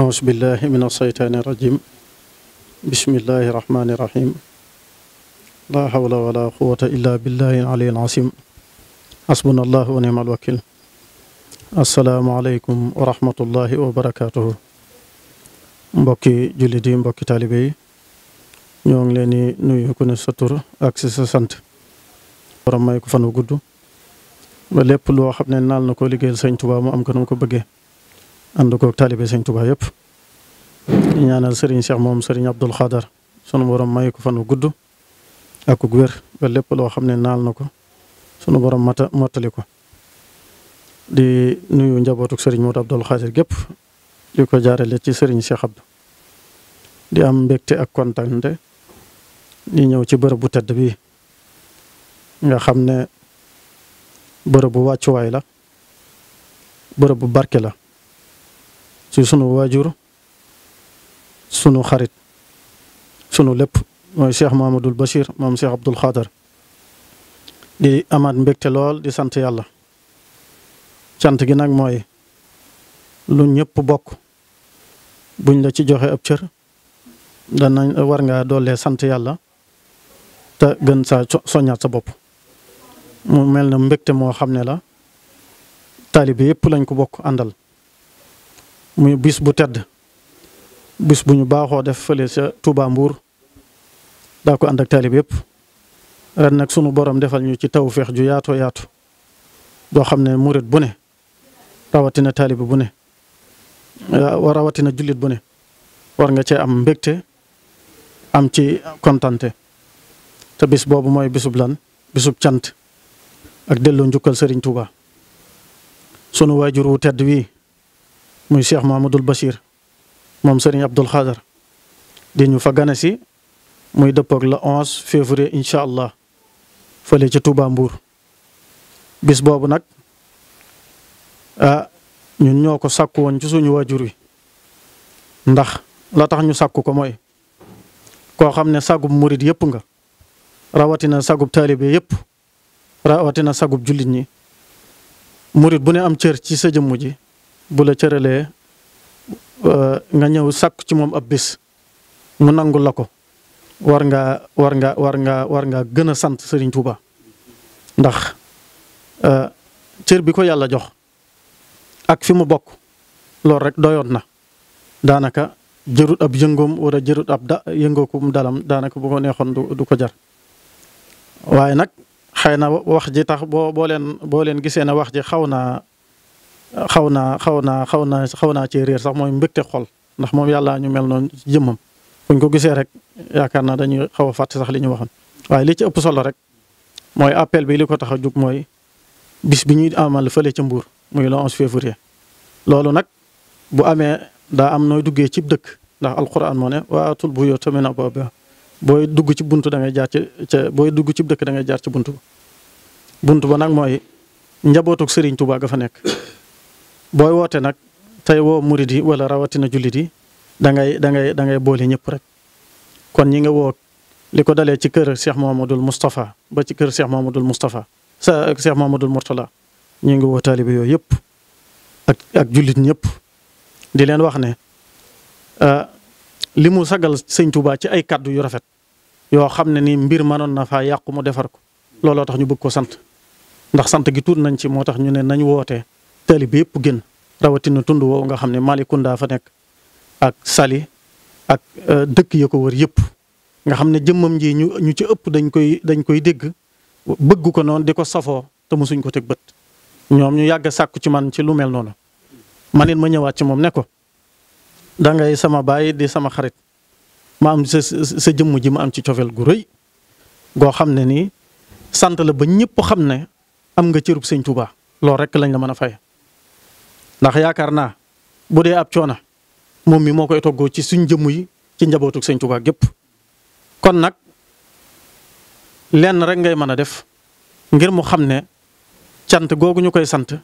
aus billah min alsheytaan irajim bismillahi irahmani irahim la hawla wala quwata illa billahi aliyyil asim hasbuna allah wa ni'mal wakil assalaamu aleykum wa rahmatullahi wa barakatuhu mbokki jullit yi mbokki taalibe yi ñoo ngi leen di nuyu ku ne sa tur ak si sa sant borom may ko fan wu gudd ba lépp loo xam ne naal na ko liggéeyal sëñ Tuubaa mu am ko nam ko bëggee ànd koog taalibe sëñ Tuubaa yëpp di ñaanal sëriñ Cheikh moom sëriñ Abdul Xaadar sunu borom may ko fanu gudd ak gu wér ba loo xam ne naal na ko sunu borom mata mottali ko di nuyu njabootuk sëriñ Moodu Abdul Xaadir gépp di ko jaarale ci sëriñ seex Abdou di am mbégte ak kontante di ñëw ci bërëb bu tedd bi nga xam ne bërëb bu wàccuwaay la bërëb bu barke la ci sunu waajur sunu xarit sunu lépp mooy cheikh Mahamadul Bachir moom cheikh Abdul Xaadar di amaat mbégte lool di sant yàlla cant gi nag mooy lu ñëpp bokk buñ la ci joxe ab cër danañ war ngaa doolee sant yàlla te gën sa soññaat sa bopp moom mel na mbégte moo xam ne la taalibe yëpp lañ ko bokk àndal mu bis bu tedd bis bu ñu baaxoo def fële sa Touba Mbour daa ko ànd ak taalib yëpp ren nag sunu borom defal ñu ci taw feex ju yaatoo yaatu doo xam ne murit bu ne rawatina taalib bu ne rawatina jullit bu ne war nga cee am mbégte am ci kontante te bis boobu mooy bisub lan bisub cant ak delloo njukkal Serigne Touba sunu waajur wu tedd wii muy Cheikh Mahamadul Bachir moom Serigne Abdul Xaadar di ñu fa gane si muy dëppoog la 11 février incha allah fële ci Touba Mbour bis boobu nag ah ñun ñoo ko sakk woon ci suñu waajur wi ndax la tax ñu sàkku ko mooy koo xam ne sagub murit yëpp nga rawatina sagub taalibe yëpp rawatina sagub jullit ñi murit bu ne am cër ci sa ji bu la cëralee euh, nga ñëw sàkku ci moom ab bis mu nangul la ko war nga war nga war nga war nga gën a sant Serigne tuba ndax euh, cër bi ko yàlla jox ak fi mu bokk loolu rek doyoon na daanaka jërut ab yëngoom wala jërut ab da yëngookum dalam daanaka bu ko neexoon du ko jar waaye nag xëy na wax ji tax boo boo leen boo leen gisee ne wax ji xaw naa xaw naa xaw naa xaw naa xaw naa ci sax mooy mbégte xol ndax moom yàlla ñu mel noonu jëmmam buñ ko gisee rek yaakaar naa dañuy xaw a fàtte sax li ñu waxoon waaye li ci ëpp solo rek mooy appel bi li ko tax a jug mooy bis bi ñuy amal fële ca Mbour muy le 11 février loolu nag bu amee daa am nooy duggee cib dëkk ndax alquran moo ne waa atul buyuuta min abwaabihaa booy dugg ci buntu da jaar ci ca booy dugg cib dëkk da jaar ci bunt ba bunt ba nag mooy njabootug Serigne Touba ga fa nekk booy woote nag tey woo murid wala rawatina jullit yi da ngay da da ngay boole ñëpp rek kon ñi nga woo li ko dalee ci kër Cheikh Mouhamadoul Moustapha ba ci kër Cheikh Mouhamadoul Moustapha sa Cheikh Mouhamadoul Mourtala ñi ngi woo taalibe yooyu yëpp ak ak jullit ñëpp di leen wax ne ah, li mu sagal sëñ Touba ci ay kàddu yu rafet yoo xam ne ni mbir mënoon na faa yàqu mu defar ko looloo tax ñu bëgg ko sant ndax sant gi tuut nañ ci moo tax ñu ne nañ woote taalibe yëpp génn rawatina tund woowu nga xam ne Malicounda fa nekk ak sali ak euh, dëkk yee ko wër yépp nga xam ne jëmmam ji ñu ñu ci ëpp dañ koy dañ koy dégg bëgg ko noonu di ko safoo te mosuñ ko teg bët ñoom ñu yàgg a sàkku ci man ci lu mel noonu man it ma ñëwaat ci moom ne ko dangay sama baay di sama xarit ma am sa sa jëmm ji ma am ci cofeel gu rëy goo xam ne nii sant la ba ñëpp xam ne am nga cërub sëñ Tuubaa loolu rekk lañ la mën a fay ndax yaakaar naa bu dee ab coona moom mii moo koy toggoo ci suñ jëmm yi ci njabootuk sëñ Tuubaa gépp kon nag lenn rek ngay mën a def ngir mu xam ne cant googu ñu koy sant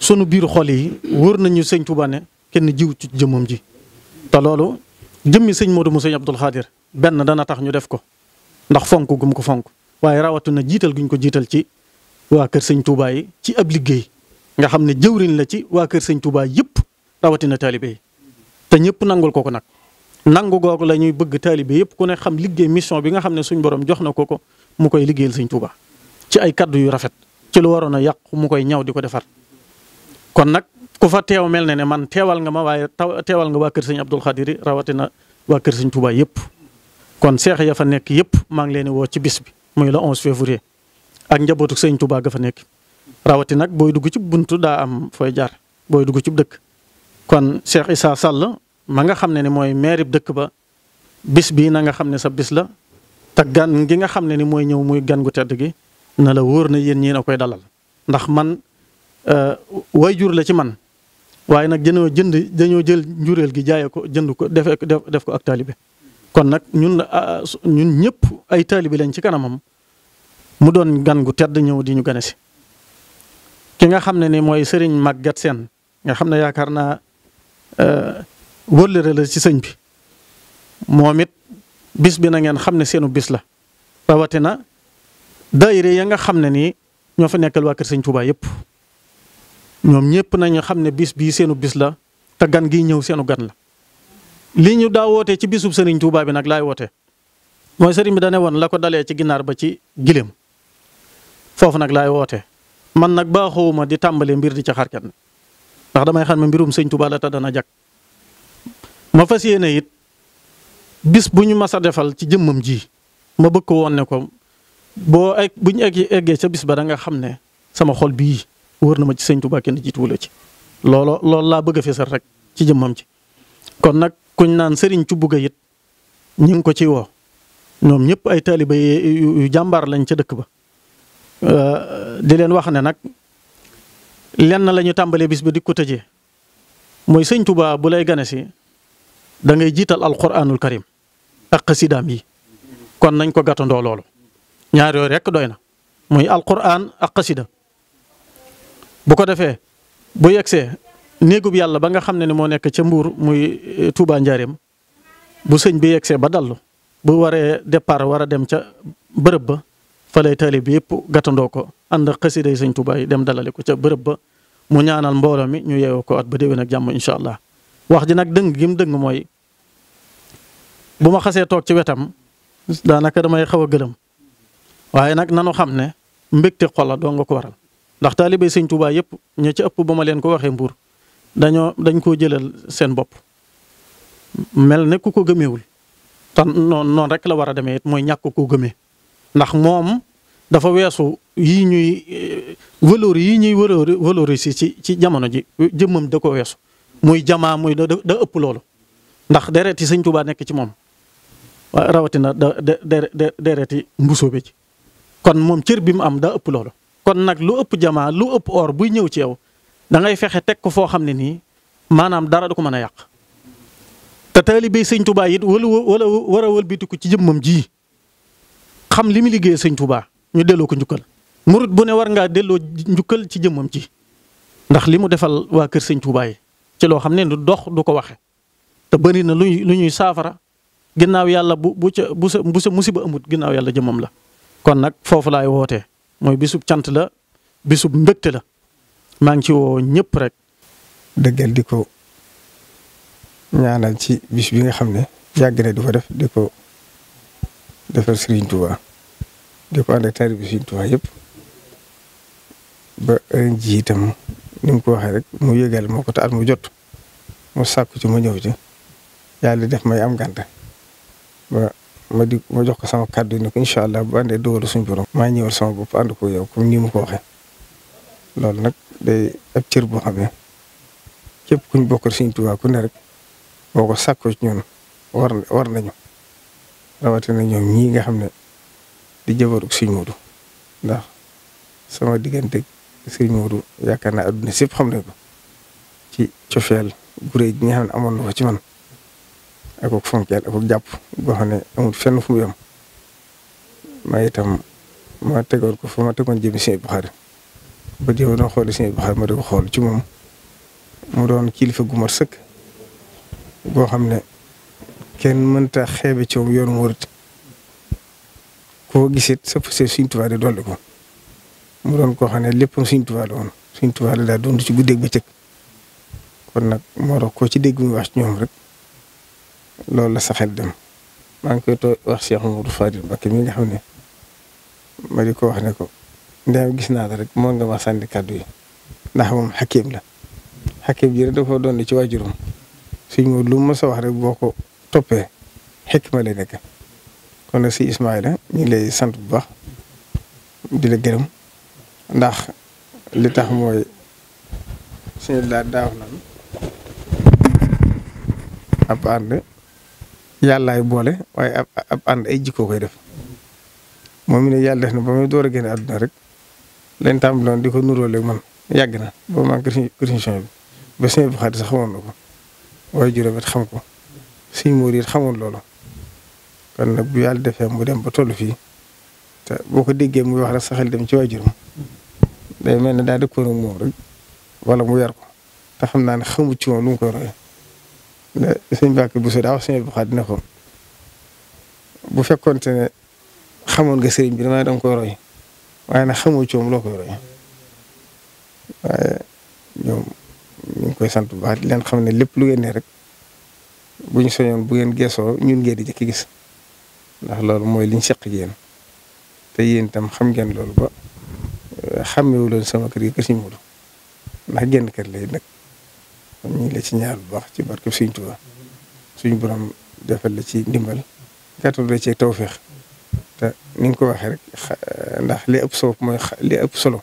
sunu biir xol yi wóor nañu sëñ Tuubaa ne kenn jiw ci jëmmam ji te loolu jëmmi sëñ Modou mu sëñ Abdul Xaadir benn dana tax ñu def ko ndax fonk gum ko fonk waaye rawatu na jiital guñ ko jiital ci waa kër sëñ Tuubaa yi ci ab liggéey nga xam ne jëwriñ la ci waa kër sëñ Touba yëpp rawatina taalibe yi te ñëpp nangul ko ko nag nangu googu la ñuy bëgg taalibe yëpp ku ne xam liggéey mission bi nga xam ne suñ borom jox na ko ko mu koy liggéeyal sëñ Touba ci ay kaddu yu rafet ci lu waroon a yàqu mu koy ñaw di ko defar kon nag ku fa teew mel ne ne man teewal nga ma waaye teewal nga waa kër sëñ Abdul Xadiri rawatina waa kër sëñ Touba yëpp kon seex ya fa nekk yëpp maa ngi leen woo ci bis bi muy le 11 février ak njabootu sëñ Touba ga fa nekk rawati nag booy dugg ci buntu daa am fooy jaar booy dugg ci dëkk kon Cheikh Issa Sall ma nga xam ne ni mooy maire bi dëkk ba bis bii na nga xam ne sa bis la te gan gi nga xam ne ni mooy ñëw muy gan gu tedd gi na la wóor na yéen ñii na koy dalal ndax man euh, jur la ci man waaye nag dañoo jënd dañoo jël njureel gi jaaye ko jënd ko def def ko ak taalibe kon nag ñun ñun ñëpp ay taalibe lañ ci kanamam mu doon gan gu tedd ñëw di ñu gane si ki nga xam ne ni mooy sëriñ Maguette seen nga xam ne yaakaar naa euh, wëllëre la ci sëñ bi moom it bis bi na ngeen xam ne seenu bis la rawatina daayira ya nga xam ne nii ñoo fa nekkal waa kër sëñ Touba yëpp ñoom ñëpp nañu xam ne bis bii seenu bis la te gan gi ñëw seenu gan la lii ñu daa woote ci bisub sëriñ Touba bi nag laay woote mooy sëriñ bi dane ne woon la ko dalee ci ginnaar ba ci gileem foofu nag laay woote man nag baaxoowuma di tàmbale mbir di ca xar kenn ndax damay xam ma mbirum sëñtu Tuubaa la te dana jag ma fas yéene it bis bu ñu masa defal ci jëmmam ji ma bëgg ko woon ne ko boo egg bu eggee ca bis ba da nga xam ne sama xol bii wër na ma ci sëñ Tuubaa kenn jiituwula ci loolo loolu laa bëgg a fesal rek ci jëmmam ci kon nag kuñ naan sëriñ cu bugga it ñu ngi ko ci woo ñoom ñëpp ay taaliba yu jàmbaar lañ ca dëkk ba Euh, di leen wax ne nag lenn la ñu tàmbalee bis bi di ko tëjee mooy sëñ tubaa bu lay gane si dangay ngay jiital alquranul karim ak xasidaam yi kon nañ ko gàttandoo loolu ñaar yooyu rek doy na muy alquran ak xasida bu ko defee bu yegsee néegub yàlla ba nga xam ne ni moo nekk ca mbuur muy eh, Touba Njaareem bu sëñ bi yegsee ba dallu bu waree départ war a dem ca bërëb ba fale lay taalib bi yëpp gàttandoo ko ànd ak sañ yi dem dalale ko ca bërëb ba mu ñaanal mbooloo mi ñu yeewoo ko at ba déwén ak jàmm incha allah wax ji nag dëng gi mu dëng mooy bu ma xasee toog ci wetam daanaka damay xaw a gëlëm waaye nag nanu xam ne mbégte xol doo nga ko waral ndax taalibe sëñ Tuubaa yëpp ña ci ëpp ba ma leen ko waxee mbuur dañoo dañ koo jëlal seen bopp mel ne ku ko gëmewul tan noon noonu rek la war a demee it mooy ñàkk koo gëmee ndax moom dafa weesu yii ñuy eh, valeur yii ñuy valeur valoriser ci ci jamono ji jëmmam da ko weesu muy jamaa muy da da ëpp loolu ndax deret yi sëñ Tuubaa nekk ci moom rawatina da da deret yi mbusoo bi ci kon moom cër bi mu am da ëpp loolu kon nag lu ëpp jamaa lu ëpp or buy ñëw ci yow da ngay fexe teg ko foo xam ne nii maanaam dara du ko mën a yàq te taalibe sëñ Tuubaa it wala wala war a ci jëmmam jii xam li mu liggéey sëñ Touba ñu delloo ko njukkal murit bu ne war ngaa delloo njukkal ci jëmmam ci ndax li mu defal waa kër sëñ Touba yi ci loo xam ne du dox du ko waxe te bëri na lu lu ñuy saafara ginnaaw yàlla bu bu ca bu sa bu sa musiba amut ginnaaw yàlla jëmmam la. kon nag foofu laay wootee mooy bisub cant la bisub mbégte la maa ngi ci woo ñëpp rek. dëggal di ko ñaanal ci bis bi nga xam ne yàgg na di ko def di ko defal Serigne Touba. di ko ànd ak taalibe Sëriñ Tuubaa yëpp ba ren ji ko waxee rek mu yëgal moo ko te mu jot mu sàkku ci ma ñëw ci yàlla def may am gànte ba ma di ma jox ko sama kàddu yi ne ko incha allah bu àndee dogalu suñ borom. maa ñëwal sama bopp ànd ko yow comme ni mu ko waxee loolu nag day ab cër boo xam ne kuñ bokk Sëriñ Tuubaa ku rek boo ko sàkkoo ci ñun war war nañu rawatina ñoom ñii nga xam ne. di jabarug sëñ Moodu ndax sama diggante si Moodu yaakaar naa adduna sépp xam nañ ko ci cofeel gu rëy ne amoon na ko ci man ak ak fonkeel ak ak jàpp boo xam ne amul fenn fu mu yem maa ma tegoon ko fa ma tegoon jëmi sëñ xool sëñ Buxaari ma xool ci moom mu doon kilifa gu mat sëkk boo xam ne kenn mënta xeebe ci moom yoonu murit koo gisit sa fa Sëriñ Tuubaa di ko mu doon ko xam ne léppam Sëriñ Tuubaa woon Sëriñ Tuubaa la daa dund ci guddeeg bëccëg kon nag moo tax koo ci dégg muy wax ci ñoom rek loolu la sa dem maa ngi koy to wax Cheikh Mamadou Fadil Mbacké mi nga xam ne ma di ko wax ne ko ndeyam gis naa la rek moo nga ma sànni kàddu yi ndax moom la xakim ji da ko doon ci waajuram suñ moom lu mu mës rek boo ko toppee xikma lay nekk kon nag si Ismaïla ñu ngi lay sant bu baax di la gërëm ndax li tax mooy suñu laa daaw naan ab ànd yàllaay boole waaye ab ab ànd ay jikkoo koy def moom mi ne yàlla def na ba muy door a génne àdduna rek lañ tàmbaloon di ko nuróoleeg man yàgg na ba man christian bi ba suñu bu xaati sax na ko waaye juróom it xam ko xamoon loolu kon nag bu yàlla defee mu dem ba tollu fii te boo ko déggee muy wax rek sa dem ci waajuram day mel ne daa dëkkoon ak moom rek wala mu yar ko xam naa ne xamu ci moom lu mu koy sëñ Mbàkke Buso daa wax sëñ Abdu Xaadir bu fekkonte ne xamoon nga sëriñ bi dama da nga koy roy waaye nag xamu ci moom loo koy roy waaye ñoom ngi koy sant bu baax xam ne lépp lu ngeen ne rek bu ñu soñoon bu ngeen geesoo ñun ngeen di jëkk gis ndax loolu mooy liñ seq yéen te yéen itam xam ngeen loolu ba eh, xàmmewu leen sama kër yi kër si mudu ndax genn kër lay nag ñu ngi la ci ñaar bu baax ci barke Sëriñ Tuubaa suñu borom defal la ci ndimbal gàttal la ci tawféex te ni nga ko waxee rek eh, ndax li ëpp solo mooy li ëpp solo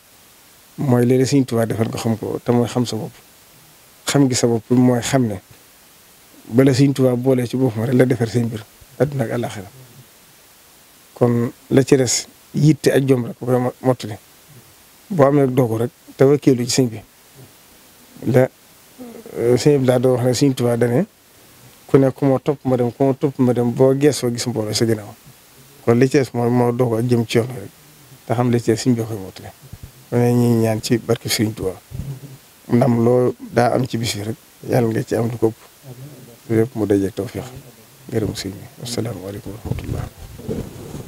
mooy léeg-léeg Sëriñ Tuubaa defal nga xam ko te mooy xam sa bopp xam gi sa bopp mooy xam ne bala Sëriñ Tuubaa boolee ci boppam rek la defar seen mbir àdduna ak àllaaxira kon la ci des yitte ak jom rek bu koy mottali boo amee doogu rek te wakkeelu ci sëñ bi la euh, sëñ bi daa doo wax ne sëñ Tuubaa dane ku ne ku ma topp ma dem ku ma topp ma dem boo geesoo gis mbooloo sa ginnaaw kon li ci des moo doogu ak jëm ci yoon rek te xam li ci des sëñ bi koy mottali kon ñuy ñaan ci barke sëñ Tuubaa ndam loo daa am ci bis rek yàlla nga ci am lu ko ëpp lépp mu dajee tawfiix ngërëm sëñ bi asalaamaaleykum wa rahmatullah